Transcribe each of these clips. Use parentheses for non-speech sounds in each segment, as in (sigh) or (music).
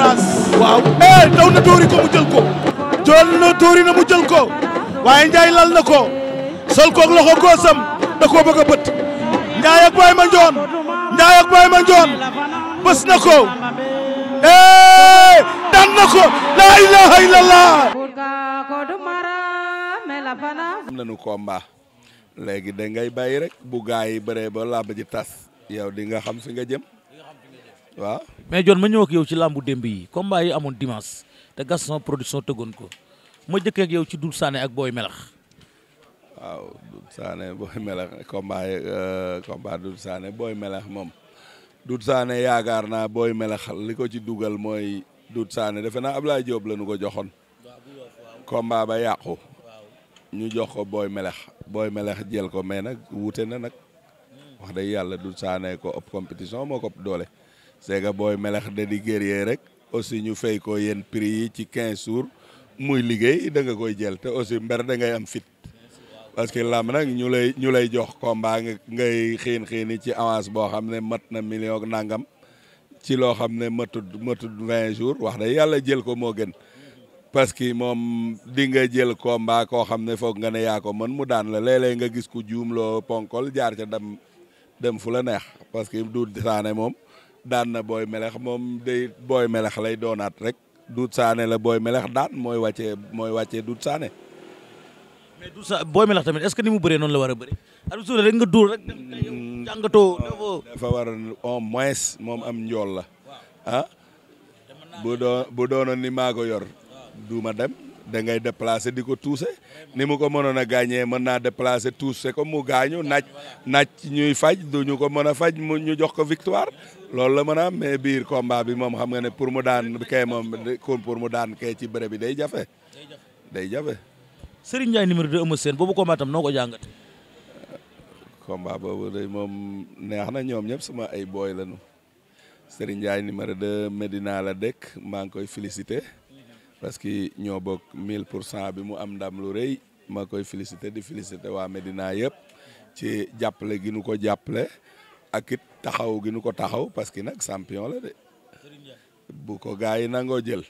courage. waaw eh daw na dóori ko mu jël ko. jël na dóori na mu jël ko. waaye Ndiaye lal na ko. sol koog loxo góosam da koo bëgg a bët. Ndiaye ak Baye Mandione. Ndiaye bës na ko. eh daan na ko. laa ilaha illallah. am nañu combat. léegi da ngay bàyyi rek bu gaa yi bëree ba ji tas yow di nga xam si nga jëm. waaw mais jot ma ñëw yow ci làmbu démb yi combat yi amoon dimanche te Gaston production tëggoon ko ma jëkkee yow ci Doudou Sané ak booy Melax. waaw Doudou Sané Boy Melax combat yi euh, combat Doudou Melax moom Doudou Sané yaakaar naa booy Melax li ko ci dugal mooy Doudou Sané defe naa ab Diop la nu ko joxoon. combat ba yàqu. ñu jox ko booy Melax booy Melax jël ko mais nag wuute na nag wax yàlla Doudou Sané ko ëpp compétition moo ko doole. c'est que booy melax de di guerrier rek aussi ñu fay ko yenn prix yi ci quinze jours muy liggéey da koy jël te aussi mber da ngay am fit parce que lam nag ñu lay ñu lay jox combat nga ngay xiin xiini ci avance boo xam ne mat na million nangam ci loo xam ne matut matut vingt jours wax day yàlla jël ko moo gën parce que moom di nga jël combat koo xam ne foog nga ne yaa ko man mu daan la léeg nga gis ku loo ponkol jaar ca dem dem fu la neex parce que du saane moom daan na booy melex moom day booy melex lay doonaat rek duut saane la booy melex daan mooy wàccee mooy wàccee duut saane. mais duut sa booy melex tamit est-ce que ni mu bëree noonu la war a bëri. Aliou Sow rek nga dóor rek. Mm. jàngatoo dafa war au moins moom am njool la. ah bu doon ni maa yor. du ma dem. da ngay déplacer di ko tuuse ni mu ko mënoon a gaañee mën naa déplacer tuuse ko mu gaañu naaj naaj ñuy faj du ñu ko mën a faj mu ñu jox ko victoire loolu la mën a am biir combat bi moom xam nga ne pour mu daan kay moom kon pour mu daan kay ci bëre bi day jafe day jafe. Serigne Ndiaye numéro 2 boobu combat tam noo ko jàngat. combat boobu day moom neex na ñoom ñëpp sama ay booy lañu Serigne Ndiaye numéro 2 Medina la dëkk maa ngi koy féliciter. parce que ñoo bokk 1000 pour cent bi mu am ndam lu rëy ma koy félicité di félicité waa Medina yëpp ci jàppale gi nu ko jàppale ak it taxaw gi nu ko taxaw parce que nag champion la de bu ko gars yi nangoo jël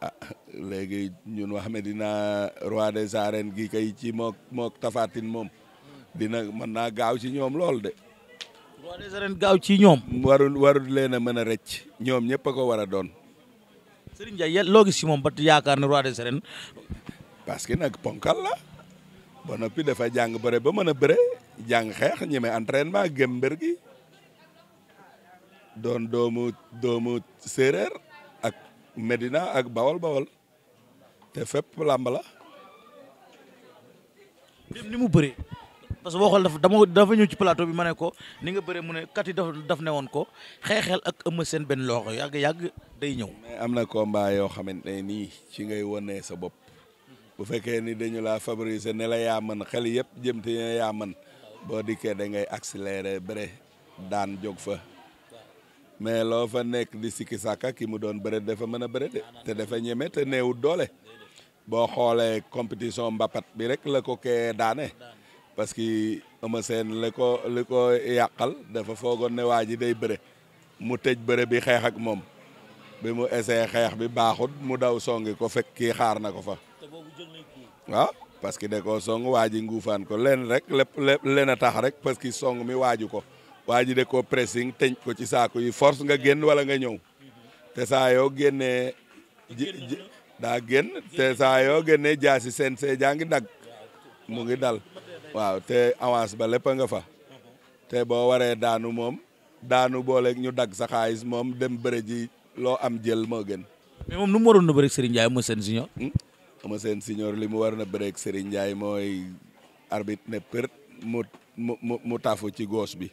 ah, léegi ñun wax Medina roi des arènes gi kay ci mook mook tafaatin moom dina mën naa gaaw ci ñoom lool de. roi des arènes gaaw ci ñoom. warul warul leen a mën a rëcc ñoom ñëpp ko war a doon. Serigne Ndiaye loo gis ci moom ba yaakaar ne roi des arènes. parce que nag ponkal la ba noppi dafa jàng bëre ba mën a bëre jàng xeex ñeme entraînement gëm mbër gi doomu doomu séeréer ak Medina ak bawol bawol te fépp làmb la. ni mu bëree. parce que boo xool dafa dama dafa ñëw ci plateau bi ma ne ko ni nga bëree mu ne kat yi daf daf ne woon ko xeexel ak Eumeu Sène benn loxo yàgg yàgg day ñëw. mais am na combat yoo xamante ne nii ci ngay wane sa bopp. bu fekkee ni dañu laa favoriser ne la yaa mën xel yëpp jëm te ne yaa mën boo dikkee da ngay accélérer bëre daan jóg fa. mais loo fa nekk di sikki sàkka ki mu doon bëre dafa mën a bëre de te dafa ñeme te neewut doole. boo xoolee compétition mbapat bi rek la ko kee daane. parce que Eumeu seen li ko li ko yàqal dafa foogoon ne waa ji day bëre mu tëj bëre bi xeex ak moom bi mu essayé xeex bi baaxut mu daw songi ko fekk kii xaar na ko fa waaw parce que da ko song waa ji nguufaan ko leen rek lépp leen a tax rek parce que song mi waaju ko waa ji da koo pressing tëj ko ci saako yi force nga génn wala nga ñëw te saa yoo génnee ji daa génn te saa yoo jaasi seen see jaa ngi dagg mu ngi dal waaw te avance ba lépp nga fa te boo waree daanu moom daanu boole ñu dagg sa moom dem bëre ji loo am jël moo gën. mais moom nu mu waroon na bëreeg Serigne Ndiaye Eumeu Sène Junior. Eumeu Sène li mu war na bëreeg Serigne Ndiaye mooy hmm? arbit ne për mu mu mu tafu ci goos bi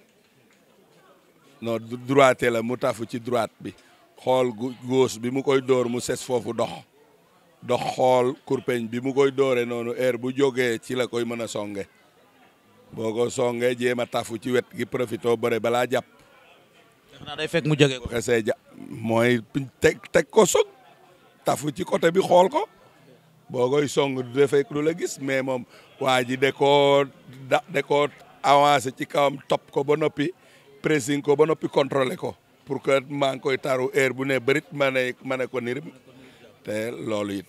non droite la mu tafu ci droite bi xool gauche bi mu koy dóor mu ses foofu dox dox xool kurpeñ bi mu koy dóore noonu heure bu jógee ci la koy mën a songe. boo ko songee jéem a tafu ci wet gi profito bëre balaa jàpp. xanaa mu jege ko. mooy teg teg ko sog tafu ci côté bi xool ko boo koy song du defee du la gis mais moom waa ji da koo da da koo ci kawam topp ko ba noppi pressing ko ba noppi contrôlé ko pour que maa ngi koy taru heure bu nee bërit ma ma ne ko nirim te loolu it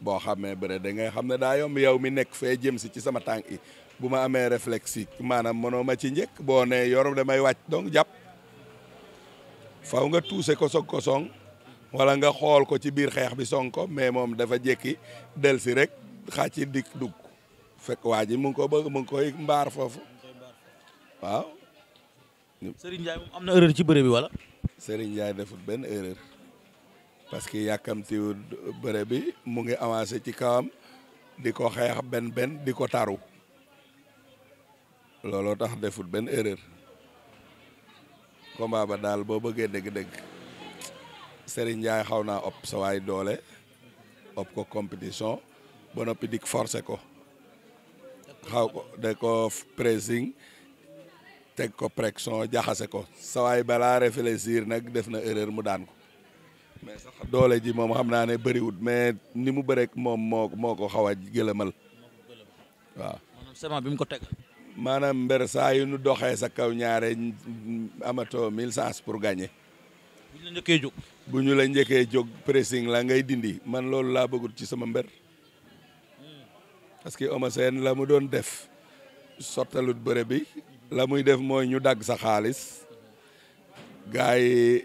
boo xamee bëre da ngay xam ne daa yomb yow mi nekk fee jëm si ci sama tànk yi bu ma amee reflex yi maanaam mënoo ma ci njëkk boo ne yorom damay wàcc donc jàpp faw nga tuuse ko soog ko song wala nga xool ko ci biir xeex bi song ko mais moom dafa jékki del si rek xàcci dikk dugg fekk waa ji mu ngi ko bëgg mu ngi koy mbaar foofu waaw. Serigne Ndiaye moom am na erreur ci bëre bi wala. Serigne Ndiaye defut benn erreur parce que yàkkamtiwul bëre bi mu ngi avancé ci kawam di ko xeex benn benn di ko taru. looloo tax deful benn erreur combat ba daal boo bëggee dégg-dégg Serigne Ndiaye xaw naa op sa doole op ko compétition ba noppi dik forcé ko xaw ko de ko pressing teg ko pression jaxase ko sa balaa balaa réfléchir nag def na erreur mu daan ko mais sax doole ji moom xam naa ne bëriwut mais ni mu bërek moom moo moo ko xaw a gëlëmal waaw. maanaam mbër saa yu nu doxee sa kaw ñaare amato mille chance pour gagner. bu ñu la njëkkee jóg. bu la pressing la ngay dindi man loolu laa bëggul ci sama mber parce que Eumeu Sène la mu doon def sottalut bëre bi. la muy def mooy ñu dagg sa xaalis. gaay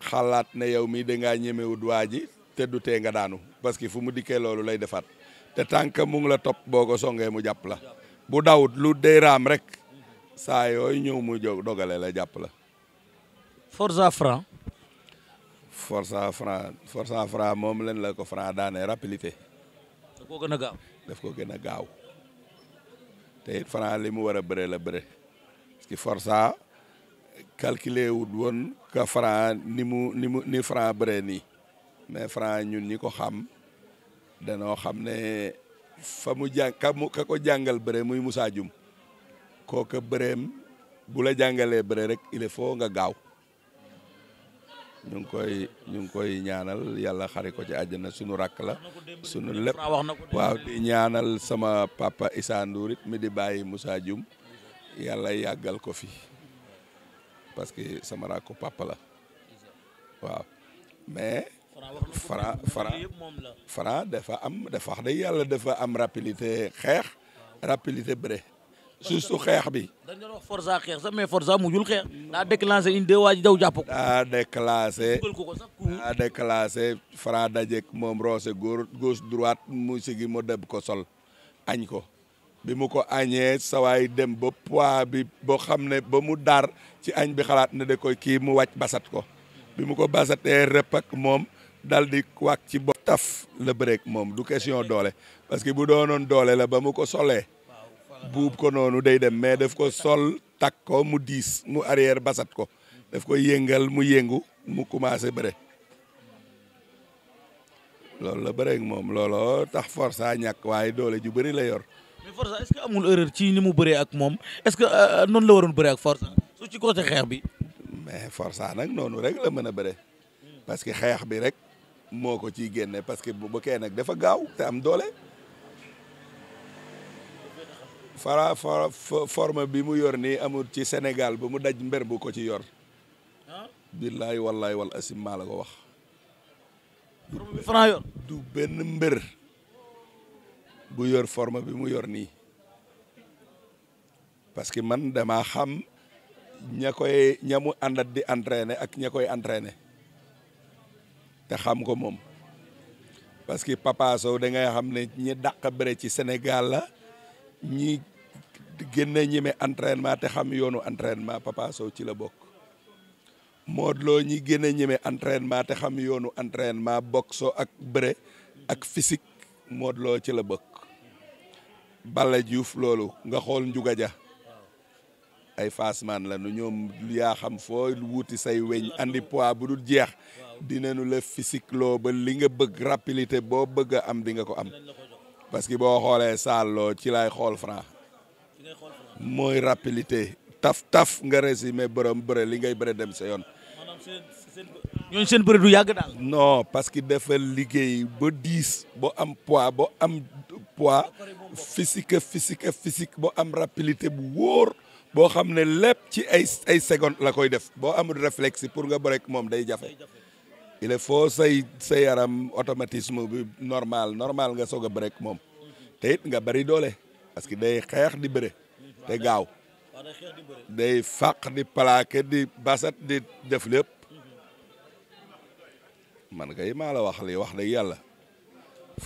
xalaat na yow mii dangaa ñemewut waa ji te du tee nga daanu parce que fu mu dikkee loolu lay defaat te tànk mu ngi la topp boo ko songee mu jàpp la. bu dawut lu day raam rek saa yooyu ñëw mu jóg dogale la jàpp la. Forza Franc. Forza Franc Forza Franc moom leen la ko Franc daane rapidité. daf ko gën gaaw gën a gaaw te Franc li mu war a bëre la bëre parce que Forza calculer wut woon ka Franc ni mu ni ni mais Franc ñun ñi ko xam danoo xam ne. fa mu jàng ka mu ka ko jàngal bëre muy Moussa Dioum kooka bëreem bu la jàngalee bëre rek il faut nga gaaw ñu ngi koy ñu ngi koy ñaanal yàlla xari ko ci àjjana sunu rakk la sunu lépp waaw di ñaanal sama papa Issa it mi di bàyyi Moussa Dioum yàlla yàggal ko fi parce que sama rakku papa la waaw mais Fra Fra Fra dafa am dafa wax yàlla dafa am rapidité xeex rapidité bëre surtout xeex bi. dañu doon wax Forza xeex sax mais Forza mujjul xeex. daa déclenché une deux waa ji daw jàpp ko. daa déclenché. daa déclenché Fra dajeeg moom roose góor gauche droite mu sigi mu deb ko sol añ ko. bi mu ko añee sawaay dem ba poids bi boo xam ne ba mu daar ci añ bi xalaat ne de koy kii mu wàcc basat ko bi mu ko basatee rëpp ak moom dal di wàcc ci bopp taf la bëreeg moom du question doole parce que bu doonoon doole la ba mu ko solee buub ko noonu day dem mais daf ko sol takk ko mu diis mu arrière basat ko daf ko yëngal mu yëngu mu commencé bëre loolu la bëreeg moom looloo tax force a ñàkk waaye doole ju bëri la yor. mais force amul erreur ci ni mu bëree ak moom est-ce que euh, euh, noonu la waroon bëree ak force su ci côté xeex bi. mais force nag noonu rek la mën a bëre parce que xeex bi rek. moo ko ciy génne parce que bu kee nag dafa gaaw te am doole fara forme bi mu yor nii amul ci Sénégal ba mu daj mbër bu ko ci yor ah. billaay wallaay wal asim la ko wax Franc du benn mbër bu yor forme bi mu yor nii parce que man dama xam ña koy ña mu àndat di entraîner ak ña koy entraîner te xam ko moom parce que Papa Sow da ngay xam ne ñi dàq bëre ci Sénégal la ñi gën a ñeme entraînement te xam yoonu entrainement Papa Sow ci la bokk Modou Lo ñi gën a ñeme entraînement te xam yoonu entraînement boxe ak bëre ak physique Modou Lo ci la bokk Balla Diouf loolu nga xool njuga ja ay fasman la nu ñoom yaa xam foo wuti say weñ andi poids bu dul jeex nu la physique loo ba li nga bëgg rapidité boo bëgg a am di nga ko am parce que boo xoolee sàlloo ci lay xool franc mooy rapidité taf taf nga résumé borom bëre li ngay bëre dem sa yoon. ñooñu seen bëre yàgg daal. non parce que dafa liggéey ba diis ba am poids ba am poids physique physique physique ba am rapidité bu wóor. boo xam ne lépp ci ay ay seconde la koy def boo amul réflexe pour nga break moom day jafe il faut say say yaram automatisme bi normal normal nga soog a break moom te it nga bari doole parce que day xeex di bëre te gaaw day fàq di plaqué di basat di def lépp man kay maa wax li wax dëgg yàlla.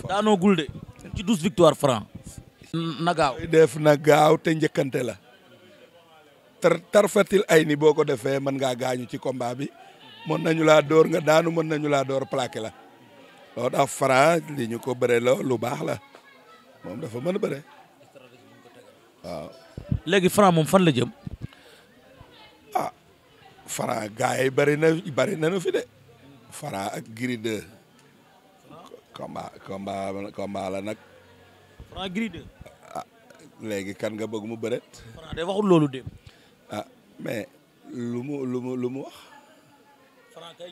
daanoo gul de ci douze victoire franc. na gaaw def na gaaw te njëkkante la. tar tarfatil ay ni boo ko defee mën ngaa gaañu ci combat bi mën nañu laa door nga daanu mën nañu laa door plaqué la loolu tax Franc li ñu ko bëre la lu baax la moom dafa mën a bëre waaw. moom fan la jëm. ah Franc gars yi na bëri nu fi de Franc ak Gris 2. combat combat combat nag. Franc ah, léegi kan nga bëgg mu bëreet. waxul loolu dem ah mais lu mu lu mu lu mu wax. Franc kay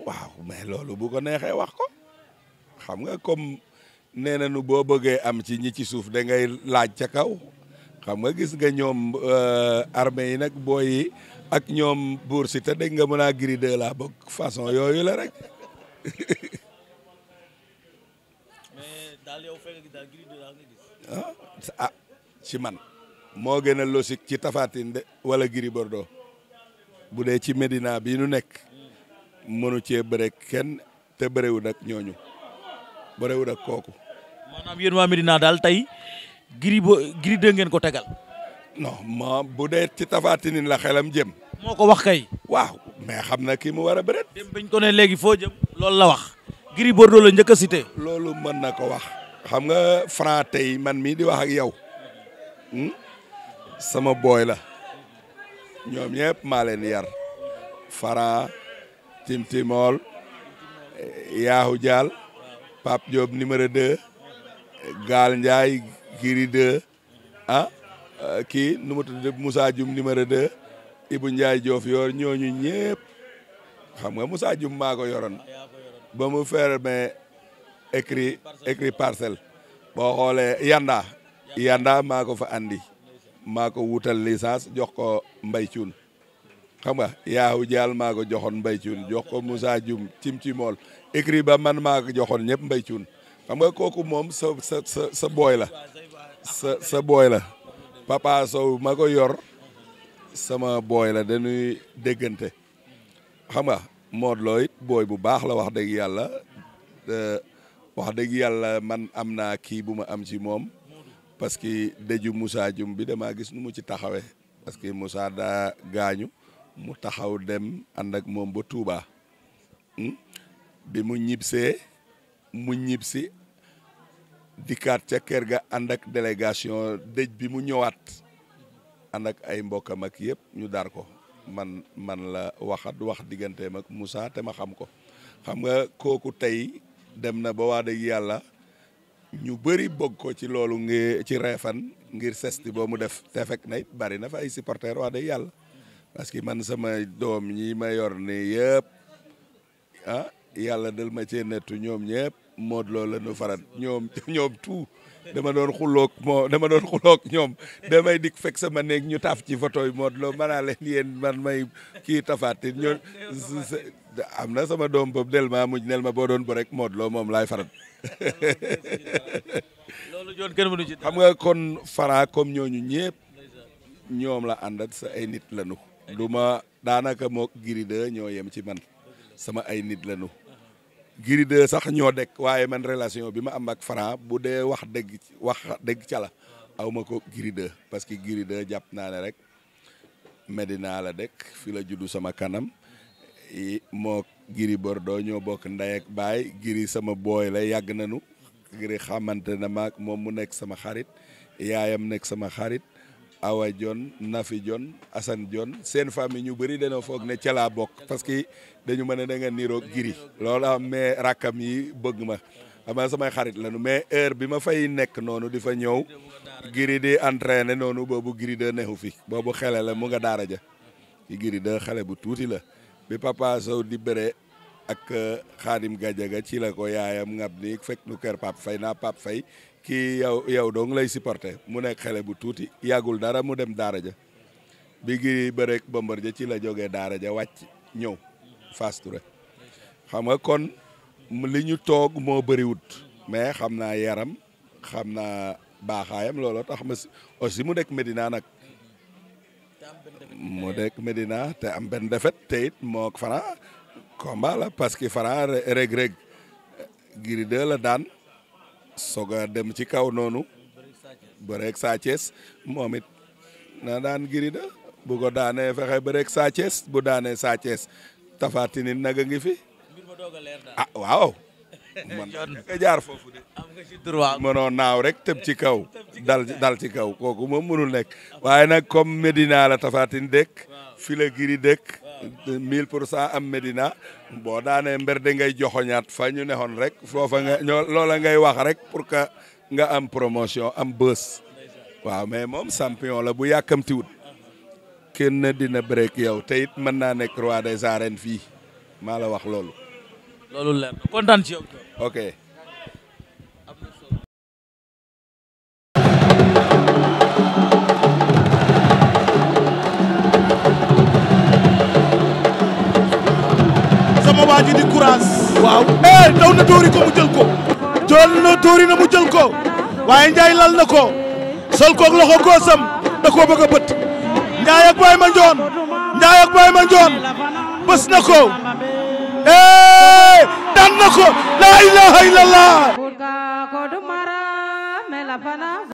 waaw Gris ah, loolu bu neexee wax ko xam nga comme nee nañu boo bëggee am ci ñi ci suuf da ngay laaj ca kaw xam nga gis nga ñoom euh, armée yi nag booy ak ñoom buur si te dégg nga mën a Gris 2 laa bëgg façon yooyu la rek. (laughs) daal yow fekk gi ah, ah, ci man. moo gën a ci Tapha Tine de wala Gris Bordeaux bu dee ci Medina bii nu nekk mënu ci bëre kenn te bërewul ak ñooñu bërewul ak kooku. maanaam yéen waa Medina daal tey Gris bo Gris 2 ngeen ko tegal. non ma bu dee ci Tapha Tine la xelam jëm. moo ko wax kay. waaw mais xam na kii mu war a dem bañ ko ne léegi foo jëm. loolu la wax. Gris Bordeaux la njëkk loolu mën na ko wax. xam nga Franc tey man mii di wax ak yow hmm? sama booy la ñoom ñëpp maa leen yar Franc Timtimol Yaahu Dial Pape Diop numéro 2 Gaal Ndiaye Giri 2 ah euh, kii nu mu tudd Moussa Dioum numéro 2 Ibou Ndiaye Diof yor ñooñu ñëpp xam nga Moussa Dioum maa ko ba mu fermé écrit écrit parcelle boo xoolee yanda yanda maako fa andi maa ko wutal licence jox ko mbay cuun xam nga yaahu jaal maako joxon joxoon mbay cuun jox ko Moussa Dioum cim ci mool écrit ba man maa ko joxoon ñëpp mbay cuun xam nga kooku moom sa sa sa booy la sa sa booy la papa Sow mago yor sama booy la dañuy déggante xam nga Modou Lo booy bu baax la wax dëgg yàlla euh, wax dëgg yàlla man am naa kii bu ma am ci moom parce que dëju Moussa Dioum bi damaa gis nu mu ci taxawee parce que Moussa daa gaañu mu taxaw dem ànd ak moom ba Touba hmm? bi mu ñibsee mu ñibsi dikkaat ca kër ga ànd ak délégation dëj bi mu ñëwaat ànd ak ay mbokkam ak yëpp ñu dar ko man man la waxat wax digganteem ak Moussa te ma xam ko xam nga kooku tey dem na ba waa dëgg yàlla ñu bëri bog ko ci loolu ngi ci reefan ngir sesti boo mu def te fekk na bari na fa ay supporters waa dëgg yàlla parce que man sama doom ñi ma yor ni yëpp ah yàlla dal ma cee nettu ñoom ñëpp Modou loo la ñu faral ñoom ñoom dama doon xuloog moo dama doon xuloog ñoom damay dikk fekk sama néeg ñu taaf ci photo yi Modou Lo ma leen yéen man may kii tafaatin ñoo am na sama doom boobu del ma muj nel ma boo doon bo rek Modou Lo moom laay faral (laughs) xam nga kon fara comme ñooñu ñëpp ñoom la àndat sa ay nit la nu du ma daanaka moo giri de ñoo yem ci man sama ay nit lanu nu de sax ñoo dekk waaye man relation bi ma am ak fara bu dee wax dëgg wax dëgg ca la aw ma ko giri parce que giri de jàpp naa ne rek Medina la dekk fi la juddu sama kanam moo bor doo ñoo bokk ndey ak baay Gris sama booy la yàgg nañu Gris xamante na maag moom mu nekk sama xarit yaayam nekk sama xarit Awa Jon Nafi Jon Assane Jon seen famille ñu bëri dañoo foog ne ca laa bokk parce que dañu mën a da nga niroog Gris loolu am mais rakkam yi bëgg ma ama sama xarit lañu mais heure bi ma fay nekk noonu di fa ñëw Gris di entraîner noonu boobu Gris de nexu fi boobu xele la mu nga daara ja Gris de xale bu tuuti la bi papa Sow di bëre ak Xaadim uh, Gadiaga ci la ko yaayam ngab ni fekk nu kër Pape Faye naa Pape Faye kii yow yow dong lay supporter mu nekk xale bu tuuti yàggul dara mu dem daara ja bi gi bëreek Bombardier ci la jógee daara ja wàcc ñëw Fass Touré nga kon li ñu toog moo bëriwut mais xam naa yaram xam naa baaxaayam looloo tax ma aussi mu nekk Medina nag mu dekk Medina te am benn defet te it moo Franc parce que Franc Reug Reug la daan soog dem ci kaw noonu bu Sa Thiès moom na daan Gris 2 bu fexe bëreeg Sa Thiès bu daanee Sa Thiès Tapha Tine ngi fi ah waaw man (laughs) nga jaar foofu de mënoo naaw rek tëb ci kaw dal dal ci kaw kooku moom mënul nekk waaye nag comme Medina la tafatin dëkk fi la giri dëkk mille pour cent am médina boo daanee mberde ngay joxoñaat fa ñu nexoon rek foofa nga ñoo loola ngay wax rek pour que nga am promotion am bës waaw mais moom champion la bu yàkkamtiwut kenn dina break yow te it mën naa nekk roi des arènes fii maa la wax loolu loolu leer kontaan ci ok waa ji di courage. waaw eh daw na dóori ko mu jël ko. jël na dóori na mu jël ko. waaye Ndiaye lal na ko. sol koog loxo góosam da koo bëgg a bët. Ndiaye ak Baye Mandione. Ndiaye ak Baye Mandione. bës na ko. eh daan na ko. la ilaha illallah.